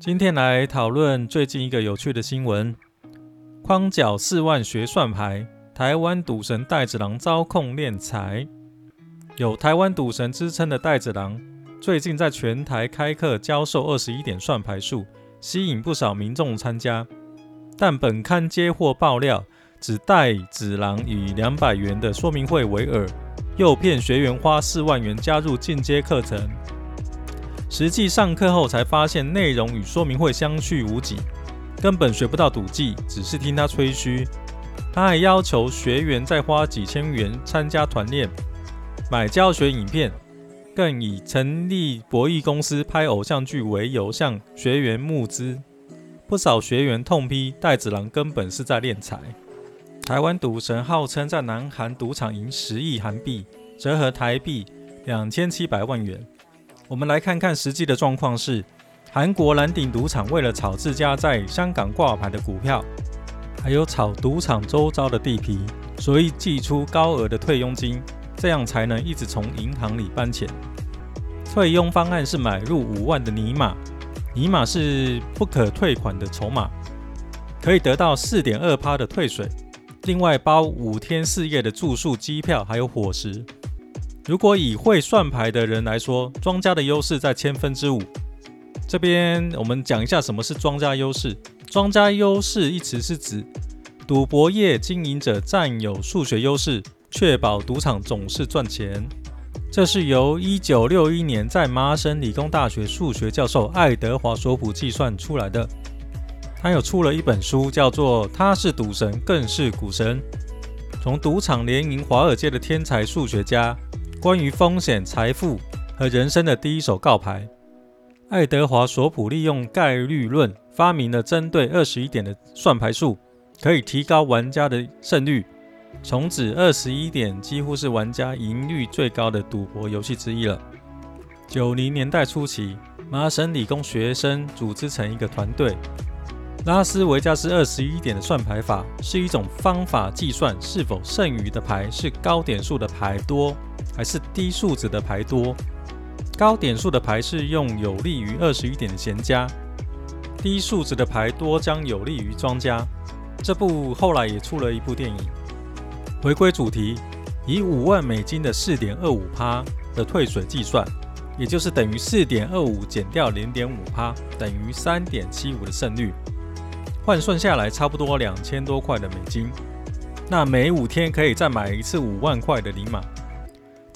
今天來討論最近一個有趣的新聞：“誆繳四萬學算牌，台灣賭神戴子郎遭控斂財。”有台灣賭神之稱的戴子郎，最近在全台開課教授二十一點算牌術，吸引不少民眾參加。但本刊接獲爆料，指戴子郎以兩百元的說明會為餌，誘騙學員花四萬元加入進階課程。實際上課後才發現，內容與說明會相去無幾，根本學不到賭技，只是聽他吹噓。他還要求學員再花幾千元參加團練、買教學影片，更以成立博弈公司、拍偶像劇為由向學員募資。不少學員痛批戴子郎根本是在斂財。台灣賭神號稱在南韓賭場贏十億韓幣，折合台幣兩千七百萬元。我們來看看實際的狀況是，韓國藍鼎賭場為了炒自家在香港掛牌的股票，還有炒賭場周遭的地皮，所以寄出高額的退佣金，這樣才能一直從銀行裡搬錢。退佣方案是買入五萬的泥碼，泥碼是不可退款的籌碼，可以得到四點二趴的退水，另外包五天四夜的住宿、機票還有伙食。如果以會算牌的人來說，莊家的優勢在千分之五。這邊我們講一下什麼是莊家優勢。莊家優勢一詞是指賭博業經營者佔有數學優勢，確保賭場總是賺錢。這是由1961年在麻省理工大學數學教授愛德華·索普計算出來的。他有出了一本書，叫做《他是賭神，更是股神》，從賭場連贏華爾街的天才數學家。關於風險、財富和人生的第一手告牌，愛德華·索普利用概率論發明了針對二十一點的算牌術，可以提高玩家的勝率。從此，二十一點幾乎是玩家贏率最高的賭博遊戲之一了。九零年代初期，麻省理工學生組織成一個團隊，拉斯維加斯二十一點的算牌法是一種方法，計算是否剩餘的牌是高點數的牌多。還是低數值的牌多，高點數的牌是用有利於二十一點的閒家，低數值的牌多將有利於莊家。這部後來也出了一部電影。回歸主題，以五萬美金的四點二五趴的退水計算，也就是等於四點二五減掉零點五趴，等於三點七五的勝率，換算下來差不多兩千多塊的美金。那每五天可以再買一次五萬塊的零碼。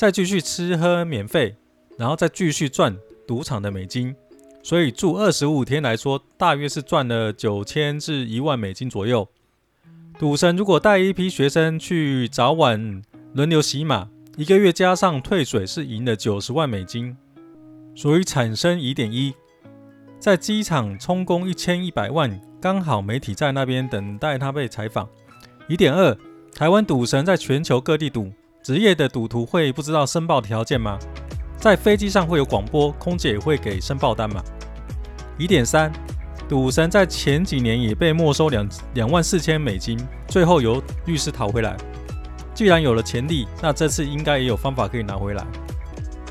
再繼續吃喝免費，然後再繼續賺賭場的美金，所以住二十五天來說，大約是賺了九千至一萬美金左右。賭神如果帶一批學生去，早晚輪流洗碼，一個月加上退水是贏了九十萬美金。所以產生疑點一，在機場充公一千一百萬，剛好媒體在那邊等待他被採訪。疑點二，台灣賭神在全球各地賭。職業的賭徒會不知道申報條件嗎？在飛機上會有廣播，空姐也會給申報單嗎？疑點三：賭神在前幾年也被沒收兩兩萬四千美金，最後由律師討回來。既然有了前例，那這次應該也有方法可以拿回來。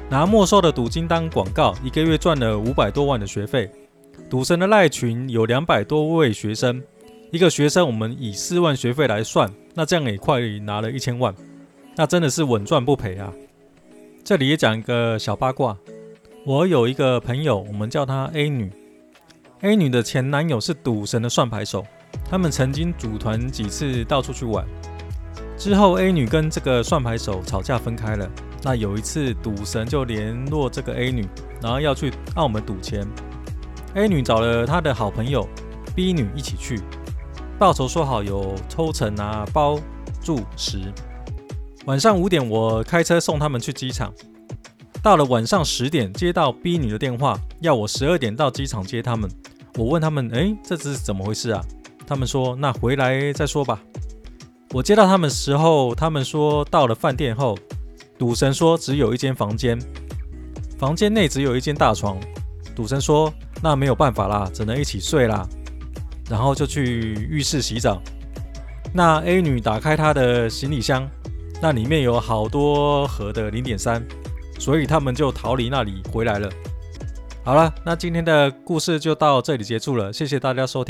拿沒收的賭金當廣告，一個月賺了五百多萬的學費。賭神的賴群有兩百多位學生，一個學生我們以四萬學費來算，那這樣也快拿了一千萬。那真的是穩賺不賠啊！這裡也講一個小八卦。我有一個朋友，我們叫她 A 女。A 女的前男友是賭神的算牌手，他們曾經組團幾次到處去玩。之後 A 女跟這個算牌手吵架分開了。那有一次賭神就聯絡這個 A 女，然後要去澳門賭錢。A 女找了她的好朋友 B 女一起去，報酬說好有抽成啊，包住食。晚上五點，我開車送他們去機場。到了晚上十點，接到 B 女的電話，要我十二點到機場接他們。我問他們：“誒，這是怎麼回事啊？”他們說：“那回來再說吧。”我接到他們時候，他們說到了飯店後，賭神說只有一間房間，房間內只有一間大床。賭神說：“那沒有辦法啦，只能一起睡啦。”然後就去浴室洗澡。那 A 女打開她的行李箱。那裡面有好多盒的零點三，所以他們就逃離那裡回來了。好了，那今天的故事就到這裡結束了，謝謝大家收聽。